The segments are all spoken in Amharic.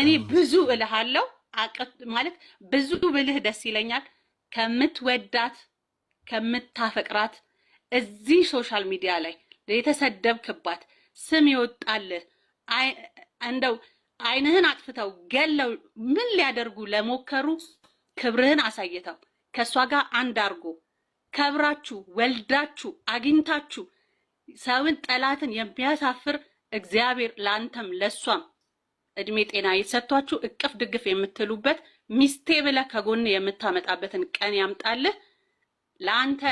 እኔ ብዙ እልሃለሁ ማለት ብዙ ብልህ ደስ ይለኛል። ከምትወዳት ከምታፈቅራት እዚህ ሶሻል ሚዲያ ላይ የተሰደብክባት ስም ይወጣልህ እንደው አይንህን አጥፍተው ገለው ምን ሊያደርጉ ለሞከሩ ክብርህን አሳይተው ከእሷ ጋር አንድ አድርጎ ከብራችሁ ወልዳችሁ አግኝታችሁ ሰውን ጠላትን የሚያሳፍር እግዚአብሔር ለአንተም ለእሷም እድሜ ጤና የተሰጥቷችሁ እቅፍ ድግፍ የምትሉበት ሚስቴ ብለህ ከጎን የምታመጣበትን ቀን ያምጣልህ። ለአንተ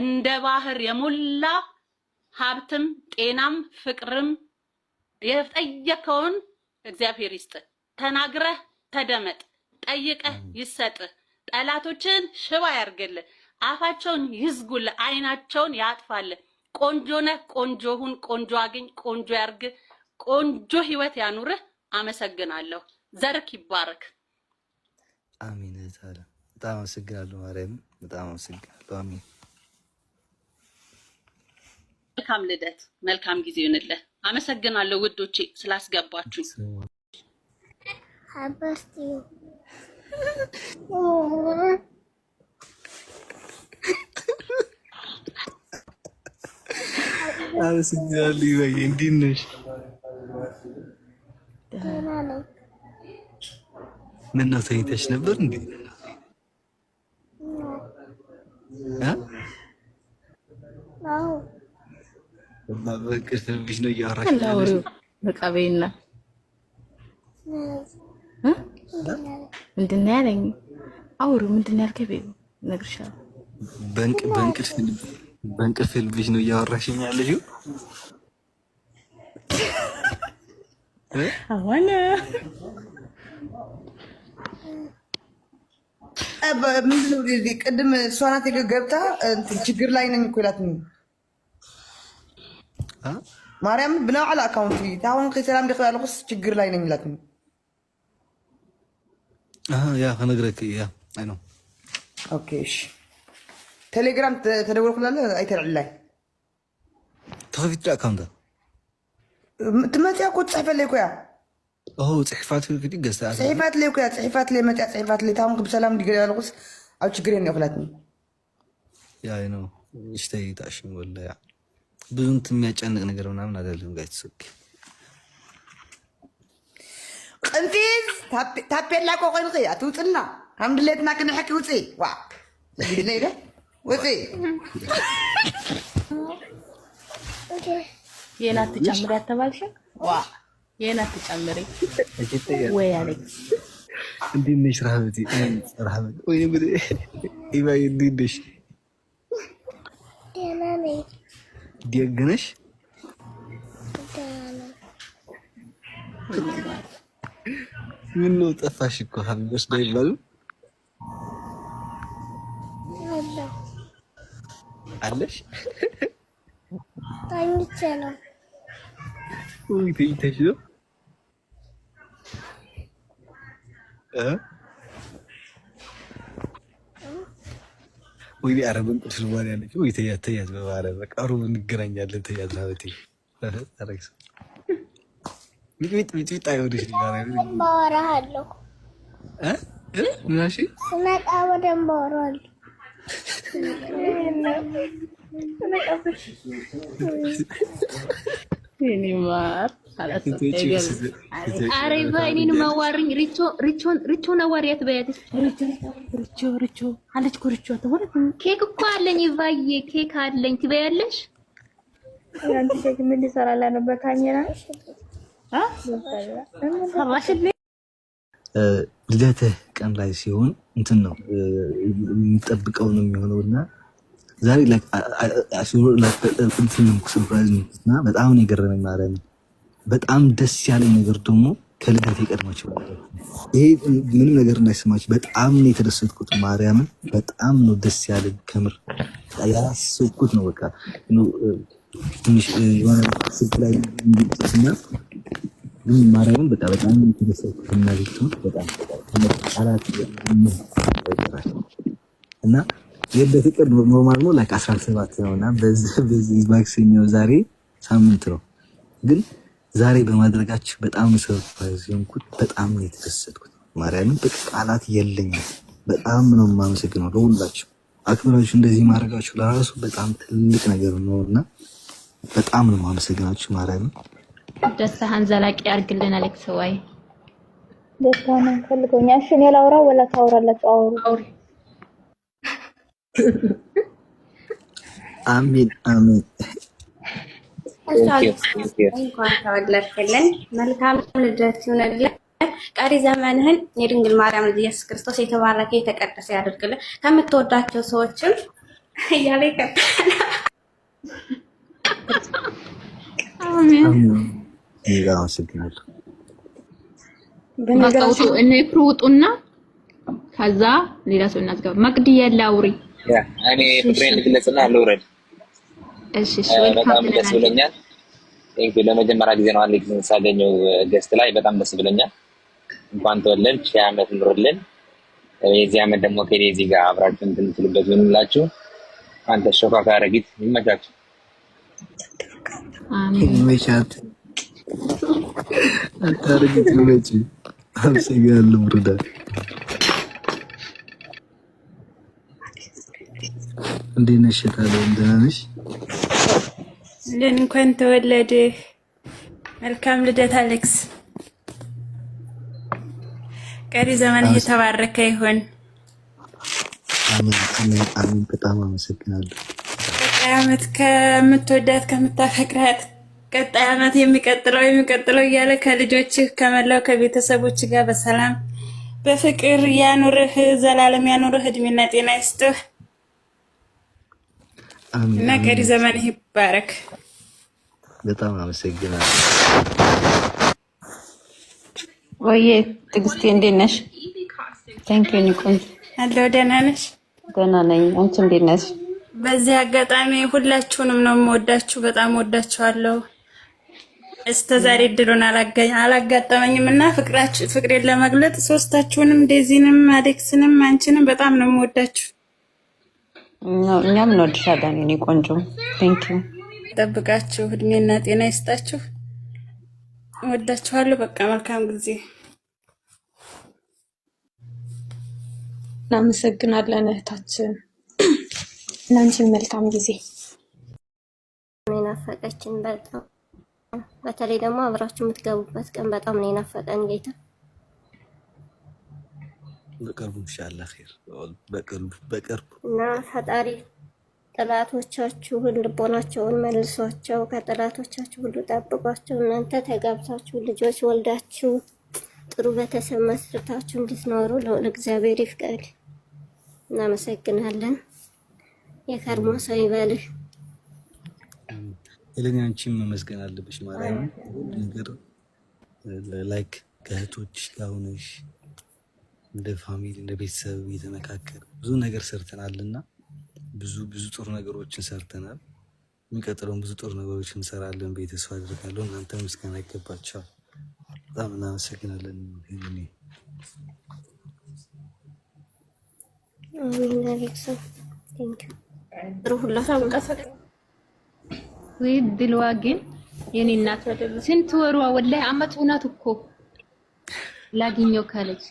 እንደ ባህር የሞላ ሀብትም ጤናም ፍቅርም የጠየከውን እግዚአብሔር ይስጥ። ተናግረህ ተደመጥ፣ ጠይቀህ ይሰጥህ። ጠላቶችን ሽባ ያርግልህ። አፋቸውን ይዝጉልህ፣ አይናቸውን ያጥፋልህ። ቆንጆ ነህ፣ ቆንጆ ሁን፣ ቆንጆ አግኝ፣ ቆንጆ ያርግ፣ ቆንጆ ህይወት ያኑርህ። አመሰግናለሁ። ዘርክ ይባረክ። አሚን። ታለ በጣም አመሰግናለሁ ማርያም፣ በጣም አመሰግናለሁ። አሚን። መልካም ልደት፣ መልካም ጊዜ ይሁንልህ። አመሰግናለሁ ውዶቼ ስላስገባችሁ። አመሰግናለሁ። ይበይ እንዲነሽ ነው ተኝተሽ ነበር እንዴ? በቅርሽ ነው እያወራሽ ምንድን ነው ያለኝ? አውሪው ምንድን ነው ያልከኝ? እነግርሻለሁ። በእንቅልፍ ልብሽ ነው እያወራሽኝ ያለሽው ቅድም እሷ ናት ገብታ ችግር ላይ ነኝ እኮ ይላት ማርያም ብናባዕላ ኣካውንቲ ታሁን ከይሰላም ዲክ ኣለኩስ ችግር ላይ ነኝ ኢላት ያ ከነግረክ ያ አይኖ ኦኬ እሺ ቴሌግራም ተደወልኩላለ ኣይተልዕልላይ ተኸፊትዶ ኣካውንታ ትመፅያ ኮ ለይ ኮያ ፅሒፋት ፅሒፋት ለይ ኮያ ፅሒፋት ለይ መፅያ ፅሒፋት ለይ ታም ብሰላም ድገሪያ ኣለኹስ ኣብ ችግር የኒ እኹላትኒ ያይኖ ንእሽተይ ተኣሽም ወለ ያ ብዙም የሚያጨንቅ ነገር ምናምን አደለም ጋይ ትስኪ ቅንፊዝ ታፔላ ኮ ኮይኑ ኸ ኣትውፅልና ከም ድሌትና ክንሕኪ ውፅ ዋ ግድነ ኢለ ውፅ ይሄን አትጨምሪ አተባልሽ ዋ ይሄን አትጨምሪ ወይ አለኝ። እንዴት ነሽ ወይ እንዴት ነሽ? ደህና ነኝ። ደግ ነሽ? ምን ነው ጠፋሽ እኮ ይባሉ አለሽ? ነው ትይተሽ ነው ወይ? አረብን ቁጭ ልባል ያለች ወይ? ተያዝ ተያዝ፣ በማርያም በቃ ሩብ እንገናኛለን። ተያዝ ማለት ሚጥሚጥ አይሆንሽ ባወራሃለሁ። ምናሽ ስመጣ በደንብ አወራዋለሁ። አረባ እኔን ማዋርኝ ሪቾን አዋሪያት በያለች ሪቾ አለች እኮ ሪቾ ኬክ እኮ አለኝ ባዬ ኬክ አለኝ ትበያለሽ ልደትህ ቀን ላይ ሲሆን እንትን ነው የሚጠብቀው ነው የሚሆነውና Uh, uh, በጣም ነው የገረመኝ። ማለት በጣም ደስ ያለኝ ነገር ደግሞ ከልደት የቀድማቸው ይሄ ምንም ነገር እንዳይሰማች በጣም ነው የተደሰትኩት። ማርያምን በጣም ነው ደስ ያለኝ። ከምር ያላሰብኩት ነው። በቃ uh, የሆነ ስልክ ላይ እና ማርያምን በቃ በጣም የተደሰትኩት እና ቤት በጣም ቃላት እና የበፍቅር ኖርማል ነው ላይክ 17 ነው እና በዚህ ማክሰኞ ዛሬ ሳምንት ነው ግን ዛሬ በማድረጋች በጣም ሰርፕራይዝ ሆንኩት። በጣም ነው የተደሰትኩት። ማርያምን በቃ ቃላት የለኝም። በጣም ነው የማመሰግነው ለሁላችሁ አክብራችሁ እንደዚህ ማድረጋችሁ ለራሱ በጣም ትልቅ ነገር ነው እና በጣም ነው የማመሰግናችሁ። ማርያምን ደስታህን ዘላቂ ያርግልን። አሌክስ ዋይ ደስታህን ፈልጎኛል። እሺ እኔ ላውራ ወላ ታውራላችሁ? አውሩ አሚን አሚን። እንኳን ተወለድክልን። መልካም ልደት ይሁንልን። ቀሪ ዘመንህን የድንግል ማርያም ልጅ ኢየሱስ ክርስቶስ የተባረከ የተቀደሰ ያደርግልን። ከምትወዳቸው ሰዎችም እያለ ይቀጥላል። አሜን። እኔ ከዛ ሌላ ሰው የላውሪ እኔ ፍቅሬን ልግለጽና ልውረድ። በጣም ደስ ለመጀመሪያ ጊዜ ነው አሌክስ ሳገኘው ገስት ላይ በጣም ደስ ብለኛል። እንኳን ተወለድ፣ ሺህ ዓመት ኑርልን። የዚህ ዓመት ደግሞ ጋር አብራችሁ ይሆንላችሁ። አንተ ሾካካ ረጊት ይመቻችሁ። ይመቻት አታረጊት ይመች ብርዳት እንዴት ነሽ? ታለም ደህና ነሽ? እንኳን ተወለድህ። መልካም ልደት አሌክስ። ቀሪ ዘመን እየተባረከ ይሁን። አሜን። በጣም አመሰግናለሁ። ቀጣይ አመት ከምትወዳት ከምታፈቅራት፣ ቀጣይ አመት የሚቀጥለው የሚቀጥለው እያለ ከልጆችህ ከመላው ከቤተሰቦች ጋር በሰላም በፍቅር ያኑርህ። ዘላለም ያኑርህ። እድሜና ጤና ይስጥህ። እና ከዚህ ዘመን ይባረክ። በጣም አመሰግናለሁ። ወይዬ ትዕግስቴ እንዴት ነሽ? ታንክ ዩ ቆንጆ አለው። ደህና ነሽ? ደህና ነኝ። አንቺ እንዴት ነሽ? በዚህ አጋጣሚ ሁላችሁንም ነው የምወዳችሁ። በጣም ወዳችኋለሁ። እስከ ዛሬ እድሉን አላጋጠመኝም እና ፍቅሬን ለመግለጥ ሶስታችሁንም ዴዚንም አሌክስንም አንቺንም በጣም ነው የምወዳችሁ። እኛም እንወድሻለን የእኔ ቆንጆ ቴንኪው። ጠብቃችሁ እድሜና ጤና ይስጣችሁ። ወዳችኋለሁ። በቃ መልካም ጊዜ። እናመሰግናለን እህታችን፣ ለአንቺን መልካም ጊዜ። ናፈቀችን በጣም በተለይ ደግሞ አብራችሁ የምትገቡበት ቀን በጣም ነው የናፈቀን ጌታ በቅርቡ ኢንሻአላህ ኸይር በቅርቡ በቅርቡ እና ፈጣሪ ጥላቶቻችሁን ልቦናቸውን መልሷቸው፣ ከጥላቶቻችሁ ሁሉ ጠብቋቸው። እናንተ ተጋብታችሁ ልጆች ወልዳችሁ ጥሩ ቤተሰብ መስርታችሁ እንድትኖሩ ለሁሉ እግዚአብሔር ይፍቀድ። እናመሰግናለን። የከርሞ ሰው ይበልህ። ሄለን አንቺም መመስገን አለብሽ ማለት ነው። ነገር ላይክ ከእህቶች ጋር ሆነሽ እንደ ፋሚሊ እንደ ቤተሰብ እየተመካከል ብዙ ነገር ሰርተናል እና ብዙ ብዙ ጥሩ ነገሮችን ሰርተናል። የሚቀጥለውን ብዙ ጥሩ ነገሮችን እንሰራለን ብዬ ተስፋ አድርጋለሁ። እናንተ ምስጋና ይገባቸዋል። በጣም እናመሰግናለን። ወይ ድልዋ ግን የኔ እናት ስንት ወሯ ወላሂ አመት ሆናት እኮ ላግኘው ካለች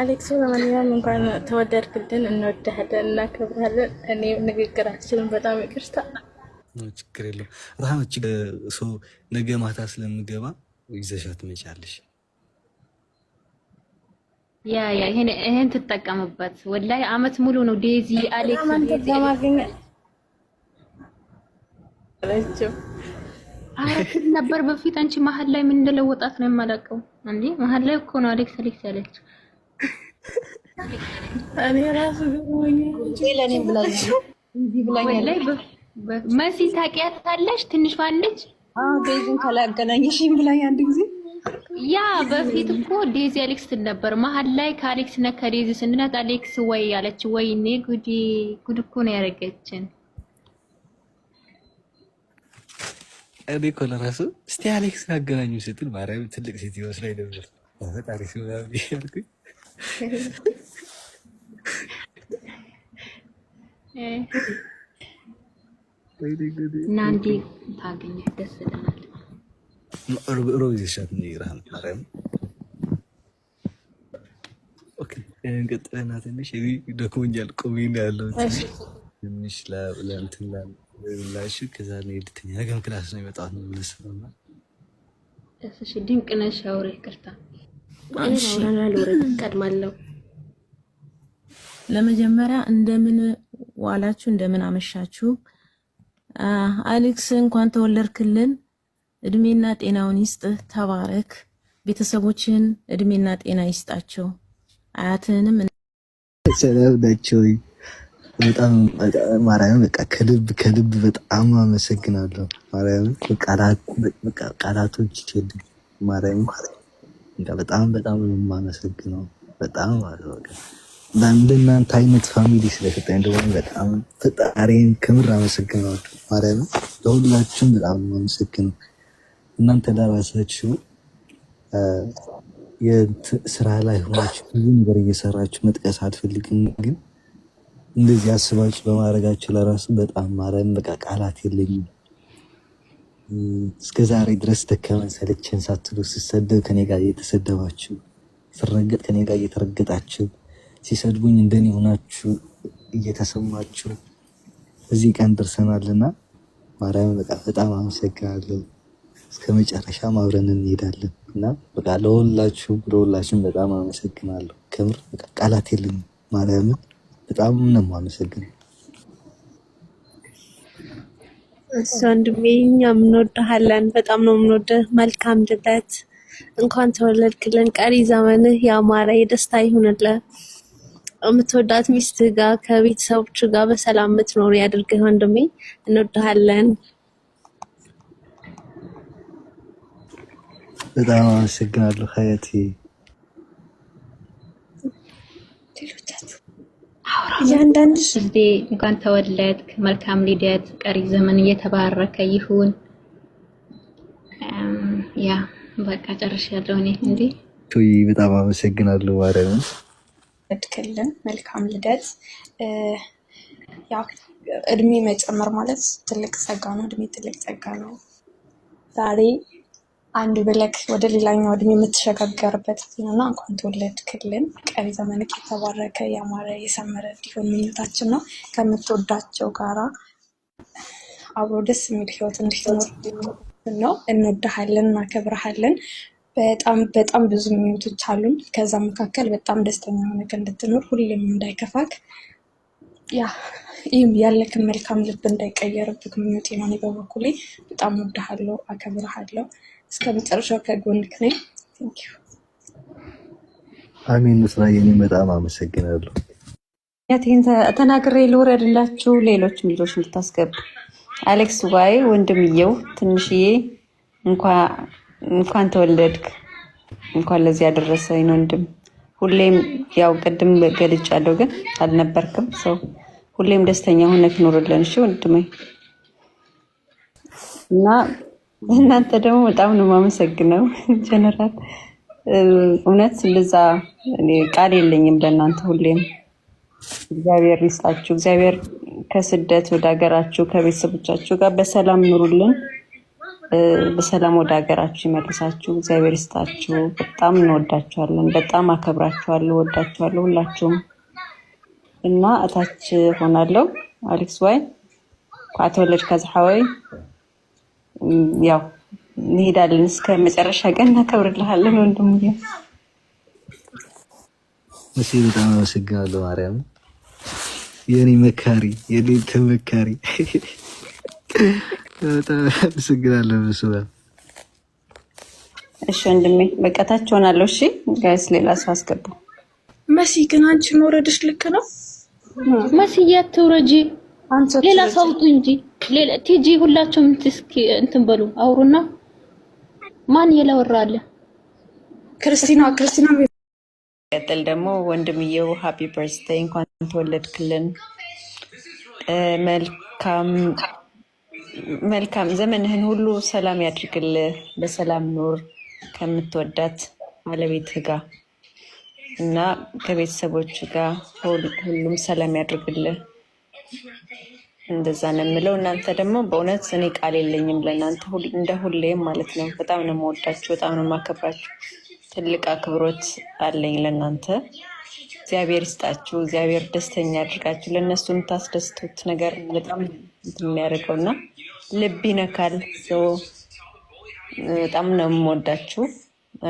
አሌክስ ለማንኛውም እንኳን ተወደድክልን፣ እንወድሃለን፣ እናከብራለን እኔ ንግግር በጣም ይቅርታ። ችግር የለውም። በጣም እጅግ ሰው ነገ ማታ ስለምገባ ይዘሻ ትመጫለሽ። ያ ያ ይሄን ትጠቀምበት። ወላሂ አመት ሙሉ ነው ዴዚ አሌክስ ነበር በፊት። አንቺ መሀል ላይ ምን እንደለወጣት ነው የማላውቀው። አንዴ መሀል ላይ እኮ ነው አሌክስ አሌክስ ያለችው እኔ ራሱ ለእኔም ብላኝ መሲ ታውቂያታለሽ? ትንሽ ማለች ቤዝን ከላይ አገናኘሽኝ ብላኝ አንድ ጊዜ ያ በፊት እኮ ዴዚ አሌክስ ትል ነበር። መሀል ላይ ከአሌክስ እና ከዴዚ ስንነት አሌክስ ወይ አለች። ወይኔ ጉድ ጉድ እኮ ነው ያደረገችን። እኔ እኮ ለራሱ እስቲ አሌክስ ካገናኙ ስትል ማርያም ትልቅ ሴት ይመስላኝ ነበር። ፈጣሪ ሲሆን ያልኩኝ እና እንዴ ደስ ይለናል። ሮብ ይዘሻት ማርያም እንቀጥለና ትንሽ እኔ ደክሞኛል። ቆሜ ነው ያለው ትንሽ ከዛ ነው የድትኛ ነገም ክላስ ነው ነው ድንቅ ነሽ አውሬ ልውረድ፣ ለመጀመሪያ እንደምን ዋላችሁ፣ እንደምን አመሻችሁ። አሌክስ እንኳን ተወለድክልን፣ እድሜና ጤናውን ይስጥ። ተባረክ። ቤተሰቦችን እድሜና ጤና ይስጣቸው። አያትንም ሰላምናቸው በጣም ማርያም በቃ ከልብ ከልብ በጣም አመሰግናለሁ። ማርያም ቃላቶች የሉም ማርያም በጣም በጣም ነው የማመሰግነው። በጣም ማለት ነው በእንደ አይነት ፋሚሊ ስለሰጠኝ እንደሆነ በጣም ፈጣሪን ከምር አመሰግነዋለሁ። ማርያምን ለሁላችሁም በጣም ነው የማመሰግነው። እናንተ ለራሳችሁ ስራ ላይ ሆናችሁ ብዙ ነገር እየሰራችሁ መጥቀስ አትፈልግም፣ ግን እንደዚህ አስባችሁ በማድረጋችሁ ለራሱ በጣም ማርያምን በቃ ቃላት የለኝም። እስከ ዛሬ ድረስ ደከመን ሰለቸን ሳትሉ ስሰደብ ከኔ ጋር እየተሰደባችሁ፣ ስረገጥ ከኔ ጋር እየተረገጣችሁ፣ ሲሰድቡኝ እንደኔ ሆናችሁ እየተሰማችሁ እዚህ ቀን ደርሰናልና ማርያም በጣም አመሰግናለሁ። እስከ መጨረሻ አብረን እንሄዳለን እና በቃ ለወላችሁ ለሁላችሁም በጣም አመሰግናለሁ። ከምር ቃላት የለኝም። ማርያምን በጣም ነው የማመሰግነው። እሱ ወንድሜ እኛ እንወድሃለን፣ በጣም ነው የምንወድህ። መልካም ልደት፣ እንኳን ተወለድክልን። ቀሪ ዘመንህ ያማረ የደስታ ይሁንልህ። የምትወዳት ሚስት ጋር ከቤተሰቦች ጋር በሰላም የምትኖር ያድርግህ። ወንድሜ እንወድሃለን። በጣም አመሰግናለሁ ሀያቴ። እያንዳንድሽ እህቴ እንኳን ተወለድክ፣ መልካም ልደት፣ ቀሪ ዘመን እየተባረከ ይሁን። ያ በቃ ጨርሻለሁ። እኔ እንዴ ቶይ በጣም አመሰግናለሁ። ማርያም እድክልን መልካም ልደት። ያው እድሜ መጨመር ማለት ትልቅ ጸጋ ነው። እድሜ ትልቅ ጸጋ ነው። ዛሬ አንድ ብለክ ወደ ሌላኛው እድሜ የምትሸጋገርበት ነውና እንኳን ተወለድክልን። ቀሪ ዘመንክ የተባረከ ያማረ የሰመረ እንዲሆን ምኞታችን ነው። ከምትወዳቸው ጋራ አብሮ ደስ የሚል ህይወት እንድትኖር ነው። እንወዳሃለን፣ እናከብረሃለን። በጣም በጣም ብዙ ምኞቶች አሉን። ከዛ መካከል በጣም ደስተኛ ሆነክ እንድትኖር ሁሌም እንዳይከፋክ ያ ይህም ያለክን መልካም ልብ እንዳይቀየርብክ ምኞቴ ነው። እኔ በበኩሌ በጣም ወድሃለሁ፣ አከብረሃለሁ። እስከ መጨረሻው ከጎንክ ነኝ። አሜን። ምስራ የኔ በጣም አመሰግናለሁ። ተናግሬ ልውረድላችሁ ሌሎች ልጆች እንድታስገቡ አሌክስ ዋይ ወንድምየው ትንሽዬ እንኳን ተወለድክ፣ እንኳን ለዚህ ያደረሰኝ ወንድም። ሁሌም ያው ቅድም ገልጫለሁ፣ ግን አልነበርክም ሰው ሁሌም ደስተኛ ሆነህ ትኖርልን። እሺ ወንድሜ እና እናንተ ደግሞ በጣም ነው የማመሰግነው። ጀነራል እውነት እንደዛ ቃል የለኝም ለእናንተ ሁሌም እግዚአብሔር ይስጣችሁ። እግዚአብሔር ከስደት ወደ ሀገራችሁ ከቤተሰቦቻችሁ ጋር በሰላም ኑሩልን። በሰላም ወደ ሀገራችሁ ይመልሳችሁ። እግዚአብሔር ይስጣችሁ። በጣም እንወዳችኋለን። በጣም አከብራችኋለሁ። ወዳችኋለሁ ሁላችሁም እና እታች ሆናለው አሌክስ ዋይ ካተወለድ ከዝሓወይ ያው እንሄዳለን እስከ መጨረሻ ቀን እናከብርልሃለን ወንድም። እሺ፣ በጣም አመሰግናለሁ ማርያም፣ የኔ መካሪ፣ የኔ ተመካሪ። በጣም አመሰግናለሁ። በስመ እሺ ወንድሜ፣ በቃ ታች ሆናለሁ። እሺ ጋይስ፣ ሌላ ሰው አስገቡ። መሲ ግን አንቺ መውረድሽ ልክ ነው። መስዬ አትውረጂ፣ ሌላ ሰውጡ እንጂ ሌላ ቲጂ። ሁላችሁም እስኪ እንትን በሉ አውሩና፣ ማን የለወራ አለ? ክርስቲና ክርስቲና። ቀጥል ደግሞ ወንድምየው ሃፒ በርዝዴይ፣ እንኳን ተወለድክልን። መልካም መልካም ዘመንህን ሁሉ ሰላም ያድርግልህ። በሰላም ኖር ከምትወዳት ባለቤትህ ጋር እና ከቤተሰቦች ጋር ሁሉም ሰላም ያድርግልህ። እንደዛ ነው የምለው። እናንተ ደግሞ በእውነት እኔ ቃል የለኝም ለእናንተ እንደ ሁሌም ማለት ነው። በጣም ነው የምወዳችሁ፣ በጣም ነው የማከብራችሁ። ትልቅ አክብሮት አለኝ ለእናንተ። እግዚአብሔር ይስጣችሁ፣ እግዚአብሔር ደስተኛ ያድርጋችሁ። ለእነሱ የምታስደስቱት ነገር በጣም የሚያደርገው እና ልብ ይነካል። በጣም ነው የምወዳችሁ።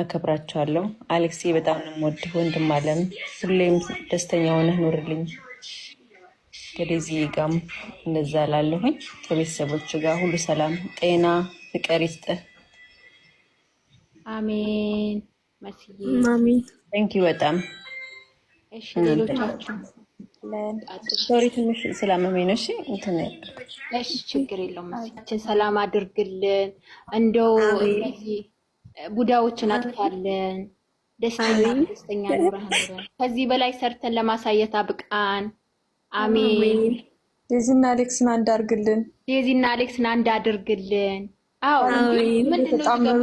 አከብራቸዋለሁ። አሌክሴ በጣም ነው የምወድህ ወንድም አለም። ሁሌም ደስተኛ ሆነህ ኑርልኝ። ከዴዚ ጋም እንደዛ ላለሁኝ ከቤተሰቦች ጋር ሁሉ ሰላም፣ ጤና፣ ፍቅር ይስጥ። አሜን። አሜን። ታንኪ በጣም ሶሪ፣ ትንሽ ስላመመኝ ነው። እሺ፣ ችግር የለውም። ሰላም አድርግልን እንደው ቡዳዎችን አጥፋለን። ደስተኛ ደስተኛ ኑረህ ከዚህ በላይ ሰርተን ለማሳየት አብቃን። አሜን። ዴዚና አሌክስን አንድ አድርግልን። ዴዚና አሌክስን አንድ አድርግልን። አዎ ምንድነው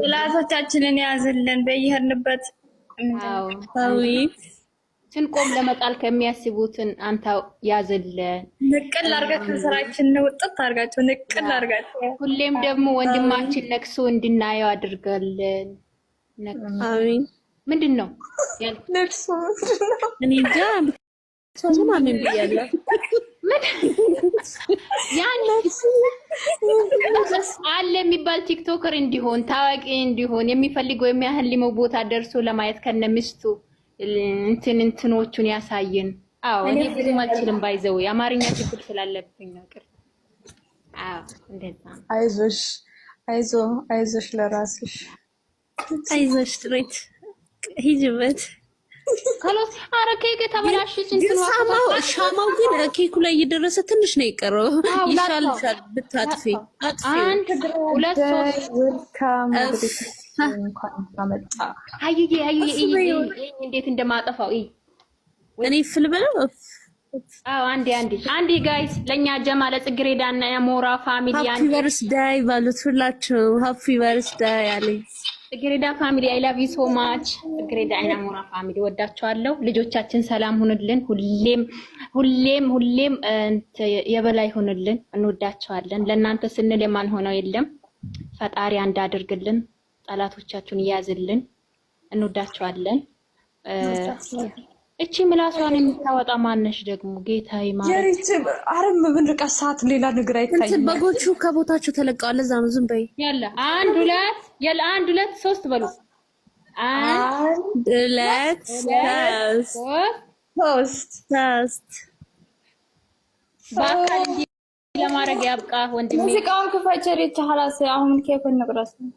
ክላሶቻችንን ያዝልን በየሄድንበት። አዎ ስንቆም ለመጣል ከሚያስቡትን አንተ ያዘለን ንቅል አርጋችሁ ስራችን ውጥት አርጋቸው፣ ንቅል አርጋችሁ ሁሌም ደግሞ ወንድማችን ነቅሶ እንድናየው አድርገልን። አሚን። ምንድን ነው ነቅሶ እኔ እንጃ አለ የሚባል ቲክቶከር እንዲሆን ታዋቂ እንዲሆን የሚፈልገው የሚያህል ሊመው ቦታ ደርሶ ለማየት ከነ ሚስቱ እንትን እንትኖቹን ያሳየን። አዎ እኔ ብዙም አልችልም ባይዘው የአማርኛ ችግር ስላለብኝ ነው። ቅር አዎ፣ እንደዛ አይዞሽ፣ አይዞ፣ አይዞሽ፣ ለራስሽ አይዞሽ፣ ጥሬት ሂጅበት ኧረ ኬክ የተበላሸች ሻማው ግን ኬኩ ላይ እየደረሰ ትንሽ ነው የቀረው። ይሻልሻል ብታጥፊ። አንድ ሁለት ሶስት እንኳን እንዴት እንደማጠፋው እኔ ፍል ብለው አዎ አንዴ አንዴ አንዴ ጋይስ ለኛ ጀማ ለጽጌረዳ እና ፋሚሊ በርስዳይ ባሉት በርስዳይ ፋሚሊ አይ ላቭ ዩ ሶ ማች እና ሞራ ፋሚሊ ወዳችኋለሁ። ልጆቻችን ሰላም ሁንልን። ሁሌም ሁሌም ሁሌም የበላይ ሁንልን። እንወዳችኋለን። ለእናንተ ስንል የማንሆነው የለም። ፈጣሪ አንድ አድርግልን። ጠላቶቻችሁን እያዝልን። እንወዳቸዋለን። እቺ ምላሷን የምታወጣ ማነሽ ደግሞ ጌታ ማለት አረም ብንርቃ ሰዓት ሌላ ነገር አይታይም። በጎቹ ከቦታቸው ተለቀዋል። ለዛ ነው ዝም በይ። ያለ አንድ ሁለት ያለ አንድ ሁለት ሶስት በሉ። አንድ ሁለት ሶስት ሶስት በአካል እንዲ ለማድረግ ያብቃ ወንድሜ። ሙዚቃውን ክፈጭ ሬቻ ሀላስ አሁን ኬኮን ነቅራስ ነው